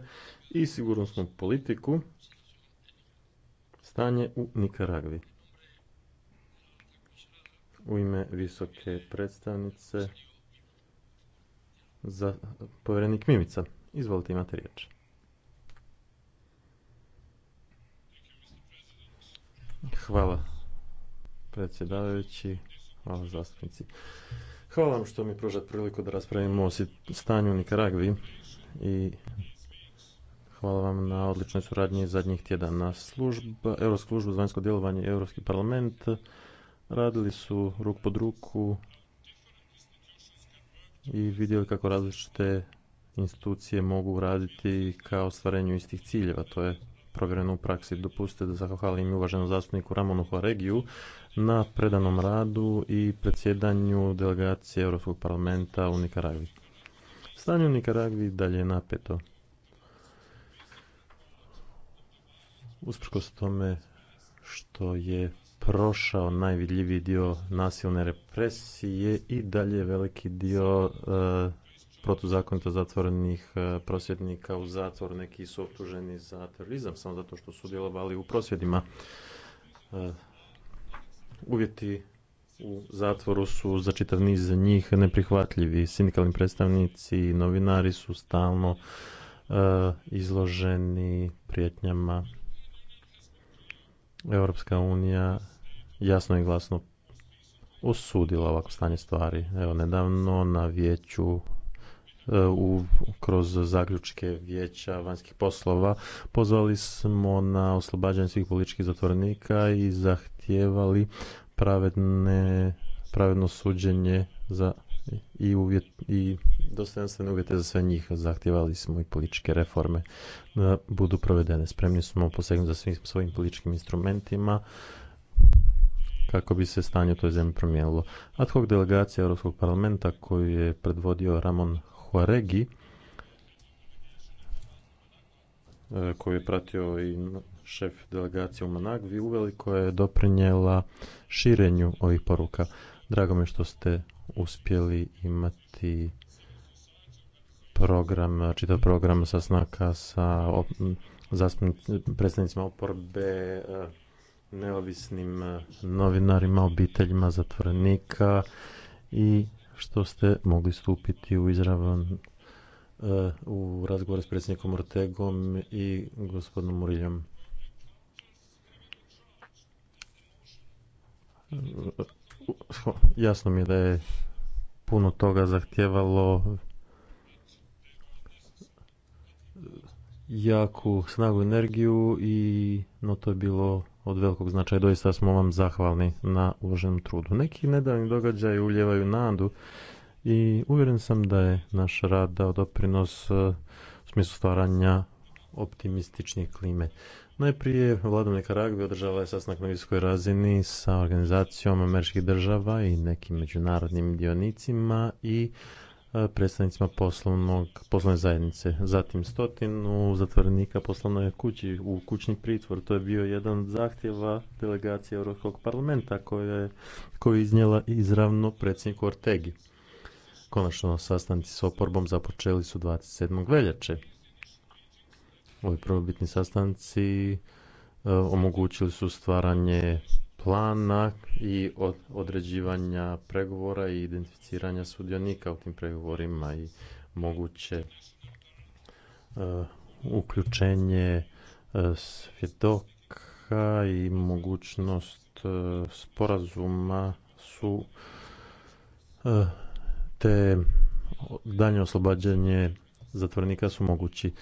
i sigurnosnu politiku, stanje u Nikaragvi. U ime visoke predstavnice za povjerenik Mimica. Izvolite, imate riječ. Hvala predsjedavajući, hvala zastupnici. Hvala vam što mi pružate priliku da raspravimo o stanju u Nikaragvi i hvala vam na odličnoj suradnji zadnjih tjedana. Služba, Europska služba za vanjsko djelovanje i Europski parlament radili su ruk pod ruku i vidjeli kako različite institucije mogu raditi kao ostvarenju istih ciljeva. To je provjereno u praksi. Dopustite da zahvalim uvaženom zastupniku Ramonu Horegiju na predanom radu i predsjedanju delegacije Europskog parlamenta u Nikaragvi. Stanje u Nikaragvi dalje je napeto. Usprkos tome što je prošao najvidljiviji dio nasilne represije i dalje veliki dio e, protuzakonito zatvorenih e, prosvjednika u zatvor, neki su optuženi za terorizam samo zato što su djelovali u prosvjedima. E, uvjeti u zatvoru su za čitav niz njih neprihvatljivi. Sindikalni predstavnici i novinari su stalno e, izloženi prijetnjama. Europska unija jasno i glasno osudila ovako stanje stvari. Evo, nedavno na vijeću E, u, kroz zaključke vijeća vanjskih poslova pozvali smo na oslobađanje svih političkih zatvorenika i zahtijevali pravedne, pravedno suđenje za i, uvjet, i dostojanstvene uvjete za sve njih zahtjevali smo i političke reforme da budu provedene. Spremni smo posegnuti za svim svojim političkim instrumentima kako bi se stanje u toj zemlji promijenilo. Ad hoc delegacija Europskog parlamenta koju je predvodio Ramon Regi e, koju je pratio i šef delegacije u Managvi uveliko je doprinjela širenju ovih poruka. Drago mi što ste uspjeli imati program, čitav program snaka sa predstavnicima oporbe, e, neovisnim e, novinarima, obiteljima zatvorenika i što ste mogli stupiti u izravan e, u razgovor s predsjednikom Ortegom i gospodinom Muriljom. Jasno mi je da je puno toga zahtjevalo jaku snagu energiju i no to je bilo od velikog značaja. Doista smo vam zahvalni na uloženom trudu. Neki nedavni događaji uljevaju nadu i uvjeren sam da je naš rad dao doprinos e, u smislu stvaranja optimističnih klime. Najprije vladom Nikaragve održala je sastanak na visokoj razini sa organizacijom američkih država i nekim međunarodnim dionicima i E, predstavnicima poslovnog, poslovne zajednice. Zatim stotinu zatvorenika poslovnoj kući u kućni pritvor. To je bio jedan od zahtjeva delegacije Europskog parlamenta koja je, koju iznijela izravno predsjedniku Ortegi. Konačno sastanci s oporbom započeli su 27. veljače. Ovi prvobitni sastanci e, omogućili su stvaranje plana i određivanja pregovora i identificiranja sudionika u tim pregovorima i moguće e, uključenje e, svjedoka i mogućnost e, sporazuma su te daljnje oslobađanje zatvornika su mogući.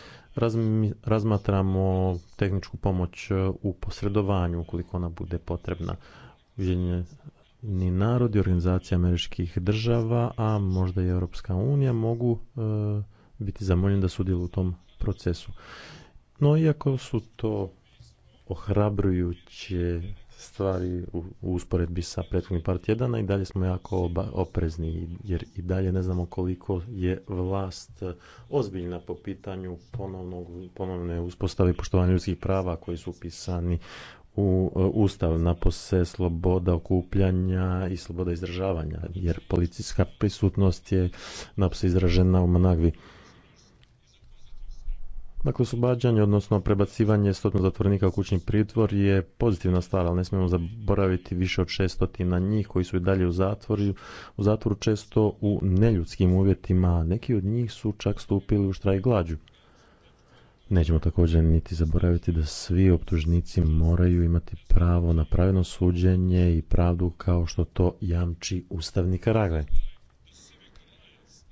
razmatramo tehničku pomoć e, u posredovanju ukoliko ona bude potrebna. Ujedinjeni narodi, organizacija američkih država, a možda i Europska unija mogu e, biti zamoljeni da sudjeluju u tom procesu. No, iako su to ohrabrujuće stvari u, usporedbi sa prethodnih par tjedana i dalje smo jako oba, oprezni jer i dalje ne znamo koliko je vlast eh, ozbiljna po pitanju ponovnog, ponovne uspostave poštovanja ljudskih prava koji su upisani u eh, ustav na pose sloboda okupljanja i sloboda izražavanja jer policijska prisutnost je napose izražena u Managvi. Dakle, oslobađanje, odnosno prebacivanje stotno zatvornika u kućni pritvor je pozitivna stvar, ali ne smijemo zaboraviti više od na njih koji su i dalje u zatvoru, u zatvoru često u neljudskim uvjetima, neki od njih su čak stupili u štraj glađu. Nećemo također niti zaboraviti da svi optužnici moraju imati pravo na pravedno suđenje i pravdu kao što to jamči ustavni karagraj.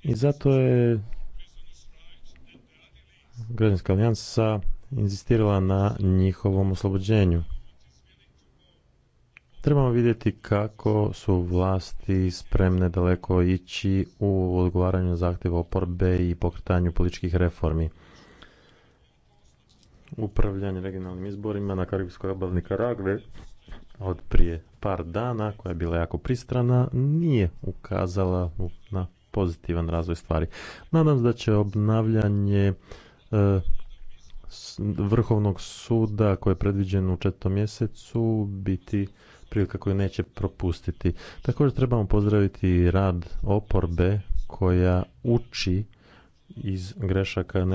I zato je građanska alijansa inzistirala na njihovom oslobođenju. Trebamo vidjeti kako su vlasti spremne daleko ići u odgovaranju zahtjeva oporbe i pokretanju političkih reformi. Upravljanje regionalnim izborima na Karibskoj obalni Karagve od prije par dana, koja je bila jako pristrana, nije ukazala na pozitivan razvoj stvari. Nadam se da će obnavljanje E, vrhovnog suda koji je predviđen u četvrtom mjesecu biti prilika koju neće propustiti. Također trebamo pozdraviti rad oporbe koja uči iz grešaka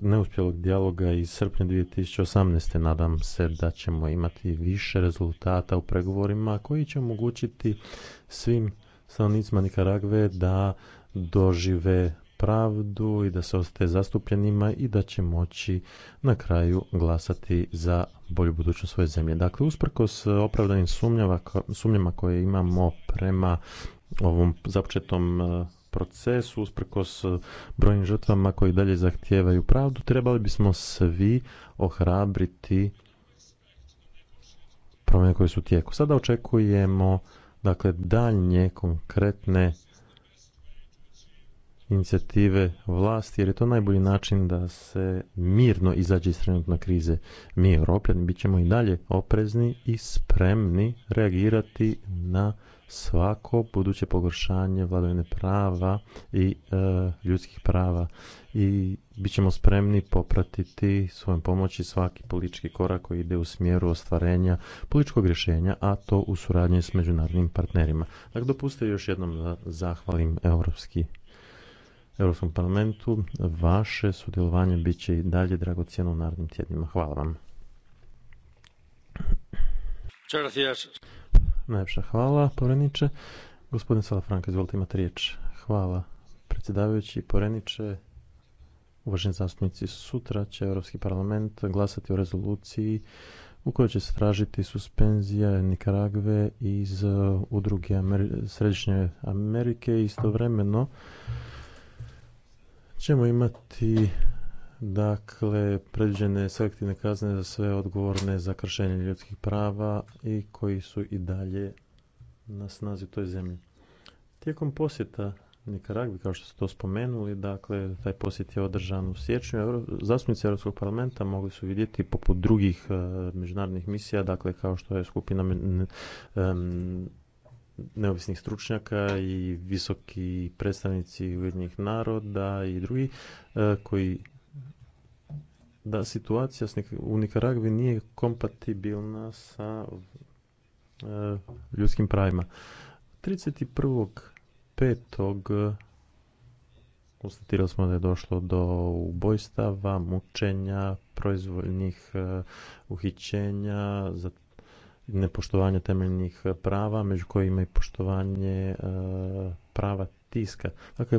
neuspjelog dijaloga iz srpnja 2018. Nadam se da ćemo imati više rezultata u pregovorima koji će omogućiti svim stanovnicima Nikaragve da dožive pravdu i da se ostaje zastupljenima i da će moći na kraju glasati za bolju budućnost svoje zemlje. Dakle, usprkos opravdanim sumnjama koje imamo prema ovom započetom e, procesu, usprkos e, brojnim žrtvama koji dalje zahtijevaju pravdu, trebali bismo svi ohrabriti promjene koje su u tijeku. Sada očekujemo dakle daljnje konkretne inicijative vlasti jer je to najbolji način da se mirno izađe iz trenutne krize. Mi europljani bit ćemo i dalje oprezni i spremni reagirati na svako buduće pogoršanje vladavine prava i e, ljudskih prava i bit ćemo spremni popratiti svojom pomoći svaki politički korak koji ide u smjeru ostvarenja političkog rješenja, a to u suradnji s međunarodnim partnerima. Dakle, dopustite još jednom da zahvalim Europski Europskom parlamentu. Vaše sudjelovanje bit će i dalje dragocjeno u narednim tjednima. Hvala vam. Najljepša hvala, Poreniče. Gospodin Salafranka, izvolite, imate riječ. Hvala, predsjedavajući Poreniče. Uvaženi zastupnici, sutra će Europski parlament glasati o rezoluciji u kojoj će se tražiti suspenzija Nikaragve iz uh, udruge Središnje Amerike. Istovremeno, ćemo imati dakle predviđene selektivne kazne za sve odgovorne za kršenje ljudskih prava i koji su i dalje na snazi u toj zemlji. Tijekom posjeta Nikaragvi, kao što ste to spomenuli, dakle, taj posjet je održan u siječnju. Zastupnici Europskog parlamenta mogli su vidjeti poput drugih e, međunarodnih misija, dakle, kao što je skupina neovisnih stručnjaka i visoki predstavnici Ujedinjenih naroda i drugi e, koji da situacija u Nikaragvi nije kompatibilna sa e, ljudskim pravima. 31.5. konstatirali smo da je došlo do ubojstava, mučenja, proizvoljnih e, uhićenja, nepoštovanje temeljnih e, prava, među kojima i poštovanje e, prava tiska. Dakle,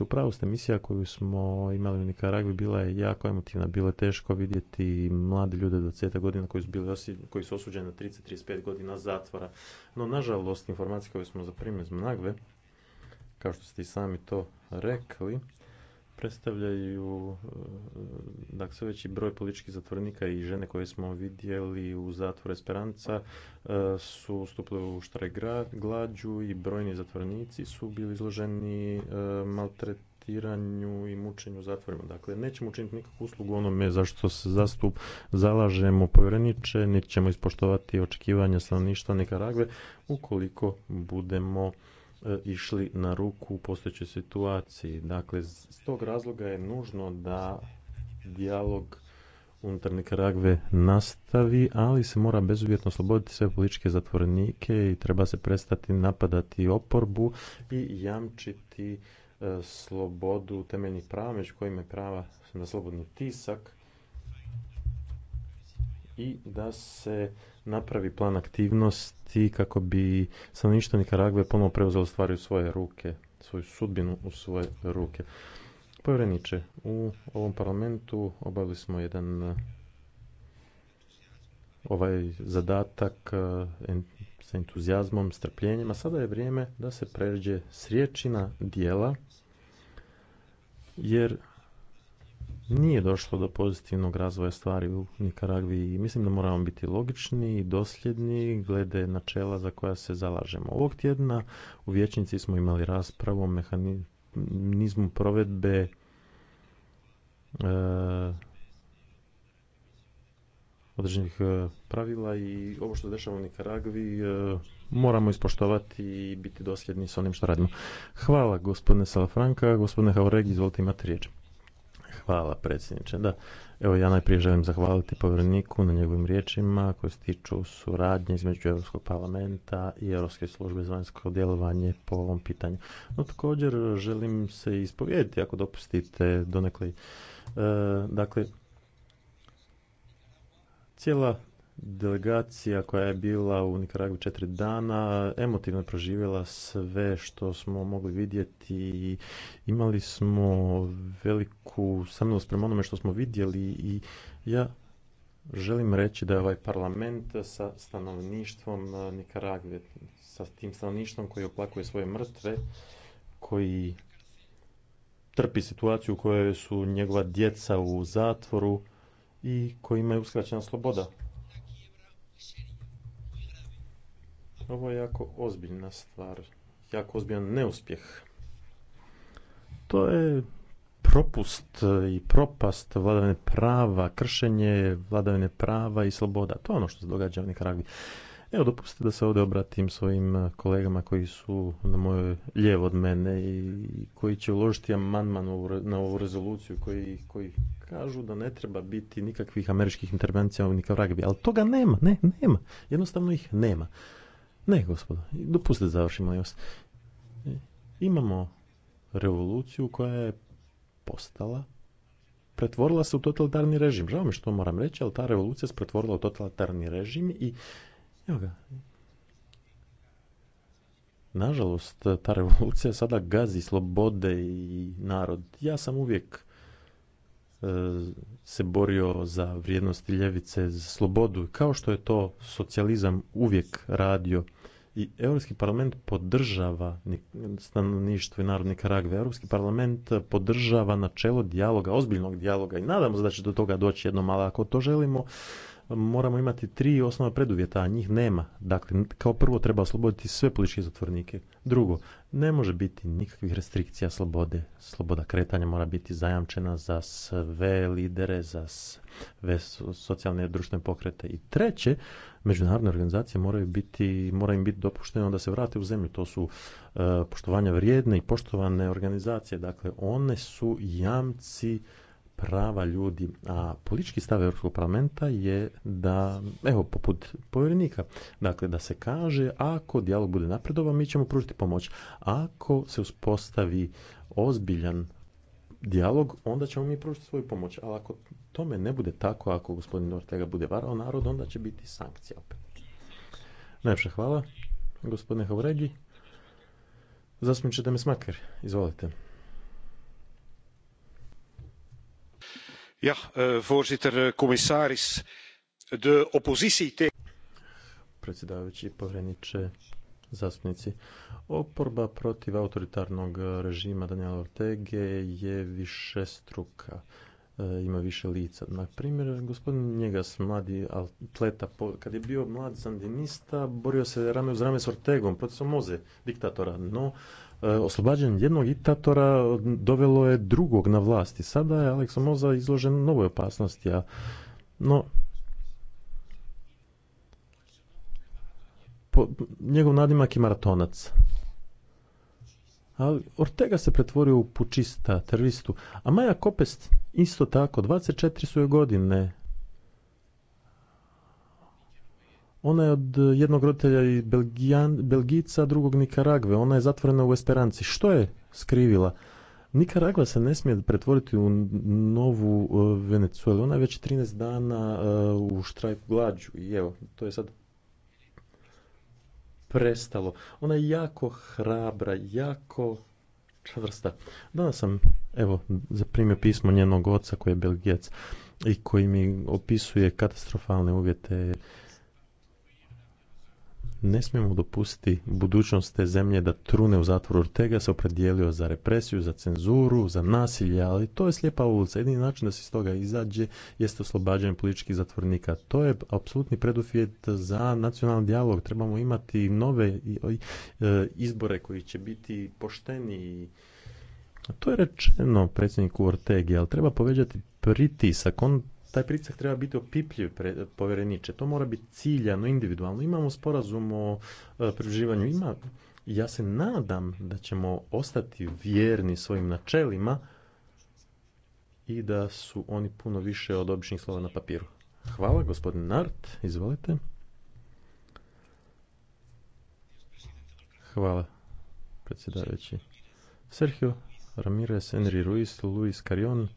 u pravu ste misija koju smo imali u Nikaragvi bila je jako emotivna. Bilo je teško vidjeti mlade ljude do 20 godina koji su, bili koji su osuđeni na 30-35 godina zatvora. No, nažalost, informacije koje smo zaprimili iz Mnagve, kao što ste i sami to rekli, predstavljaju eh, dakle, sve veći broj političkih zatvornika i žene koje smo vidjeli u zatvoru Esperanca eh, su stupili u štrajk glađu i brojni zatvornici su bili izloženi eh, maltretiranju i mučenju u zatvorima. Dakle, nećemo učiniti nikakvu uslugu onome zašto se zastup zalažemo povjereniče, nećemo ispoštovati očekivanja stanovništva Nikaragve ukoliko budemo E, išli na ruku u postojećoj situaciji. Dakle, s tog razloga je nužno da dijalog unutarnje Nikaragve nastavi, ali se mora bezuvjetno osloboditi sve političke zatvorenike i treba se prestati napadati oporbu i jamčiti e, slobodu temeljnih prava, među kojima je prava na slobodni tisak i da se napravi plan aktivnosti kako bi stanovništvo Nikaragve ponovo preuzelo stvari u svoje ruke, svoju sudbinu u svoje ruke. Povjereniče, u ovom parlamentu obavili smo jedan ovaj zadatak eh, s entuzijazmom, strpljenjem, a sada je vrijeme da se pređe s riječi na dijela, jer nije došlo do pozitivnog razvoja stvari u Nikaragvi i mislim da moramo biti logični i dosljedni glede načela za koja se zalažemo. Ovog tjedna u vječnici smo imali raspravu o mehanizmu provedbe e, određenih e, pravila i ovo što dešava u Nikaragvi e, moramo ispoštovati i biti dosljedni s onim što radimo. Hvala gospodine Salafranka, gospodine Haureg, izvolite imati riječ. Hvala predsjedniče. Da, evo ja najprije želim zahvaliti povjereniku na njegovim riječima koje se tiču suradnje između Europskog parlamenta i Europske službe za vanjsko djelovanje po ovom pitanju. No također želim se ispovijediti ako dopustite donekle. E, dakle, cijela Delegacija koja je bila u Nikaragu četiri dana emotivno je proživjela sve što smo mogli vidjeti i imali smo veliku samilost prema onome što smo vidjeli i ja želim reći da je ovaj parlament sa stanovništvom Nikaragve, sa tim stanovništvom koji oplakuje svoje mrtve, koji trpi situaciju u kojoj su njegova djeca u zatvoru i koji imaju uskraćena sloboda. Ovo je jako ozbiljna stvar, jako ozbiljan neuspjeh. To je propust i propast vladavine prava, kršenje vladavine prava i sloboda. To je ono što se događa u Nikaragvi. Evo, dopustite da se ovdje obratim svojim eh, kolegama koji su na mojoj lijevo od mene i koji će uložiti amandman na ovu rezoluciju koji, koji kažu da ne treba biti nikakvih američkih intervencija u Ragbi, Ali toga nema, ne, nema. Jednostavno ih nema. Ne, gospodo, dopustite da završimo e, Imamo revoluciju koja je postala pretvorila se u totalitarni režim. Žao mi što moram reći, ali ta revolucija se pretvorila u totalitarni režim i Evo ga. Nažalost, ta revolucija sada gazi slobode i narod. Ja sam uvijek e, se borio za vrijednosti ljevice, za slobodu, kao što je to socijalizam uvijek radio. I Europski parlament podržava stanovništvo i narodne karagve. Europski parlament podržava načelo dijaloga, ozbiljnog dijaloga i nadamo se da će do toga doći jedno ali ako to želimo, moramo imati tri osnovna preduvjeta, a njih nema. Dakle, kao prvo treba osloboditi sve političke zatvornike. Drugo, ne može biti nikakvih restrikcija slobode. Sloboda kretanja mora biti zajamčena za sve lidere, za sve socijalne i društvene pokrete. I treće, međunarodne organizacije moraju biti, mora im biti dopušteno da se vrate u zemlju. To su uh, poštovanja vrijedne i poštovane organizacije. Dakle, one su jamci prava ljudi, a politički stav Europskog parlamenta je da, evo, poput povjerenika, dakle, da se kaže ako dijalog bude napredovan, mi ćemo pružiti pomoć. Ako se uspostavi ozbiljan dijalog, onda ćemo mi pružiti svoju pomoć. Ali ako tome ne bude tako, ako gospodin Ortega bude varao narod, onda će biti sankcija opet. Najpša hvala, gospodine Havregi. Zastupniče me smaker, izvolite. Eh, voorzitter eh, commissaris de oppositie predsjedavajući povjereniče zastupnici oporba protiv autoritarnog eh, režima Daniela Ortege je višestruka ima više lica. Na primjer, gospodin Njegas, mladi atleta, kad je bio mlad sandinista, borio se rame uz rame s Ortegom protiv Somoze, diktatora, no E, oslobađanje jednog diktatora dovelo je drugog na vlasti. Sada je Aleksa izložen novoj opasnosti, a no, njegov nadimak je maratonac. Ali Ortega se pretvorio u pučista, teroristu, a Maja Kopest isto tako, 24 su joj godine, Ona je od e, jednog roditelja i Belgijan, Belgica, drugog Nikaragve. Ona je zatvorena u Esperanci. Što je skrivila? Nikaragva se ne smije pretvoriti u novu e, Venecuelu. Ona je već 13 dana e, u štrajk glađu i evo, to je sad prestalo. Ona je jako hrabra, jako čvrsta. Danas sam, evo, zaprimio pismo njenog oca koji je Belgijac i koji mi opisuje katastrofalne uvjete ne smijemo dopustiti budućnost te zemlje da trune u zatvoru. Ortega se opredijelio za represiju, za cenzuru, za nasilje, ali to je slijepa ulica. Jedini način da se iz toga izađe jeste oslobađanje političkih zatvornika. To je apsolutni preduvjet za nacionalni dijalog. Trebamo imati nove e, izbore koji će biti pošteni to je rečeno predsjedniku Ortegi, ali treba povećati pritisak. On taj pritisak treba biti opipljiv povjereniče. To mora biti ciljano, individualno. Imamo sporazum o e, pridruživanju. Ima, ja se nadam da ćemo ostati vjerni svojim načelima i da su oni puno više od običnih slova na papiru. Hvala, gospodin Nart, izvolite. Hvala, predsjedavajući. Sergio Ramirez, Henry Ruiz, Luis Carion,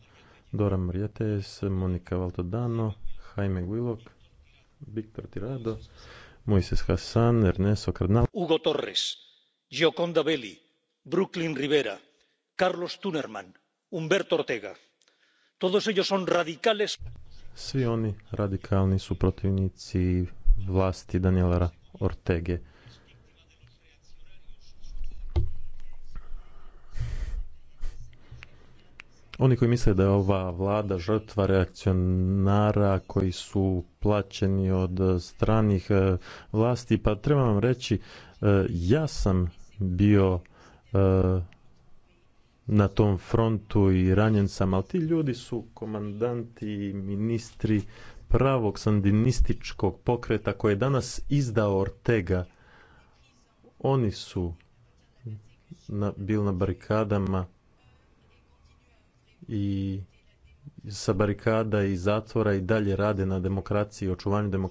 Dora Marijetes, Monika Valtodano, Jaime Guilok, Victor Tirado, Moises Hassan, Ernesto Cardinal... Hugo Torres, Gioconda Belli, Brooklyn Rivera, Carlos Tunerman, Humberto Ortega. Todos ellos son radicales. Svi oni radikalni su protivnici vlasti Daniela Ortega. Oni koji misle da je ova vlada žrtva reakcionara koji su plaćeni od stranih e, vlasti, pa trebam vam reći, e, ja sam bio e, na tom frontu i ranjen sam, ali ti ljudi su komandanti, ministri pravog sandinističkog pokreta koje je danas izdao Ortega. Oni su bili na barikadama i sa barikada i zatvora i dalje rade na demokraciji, očuvanju demokracije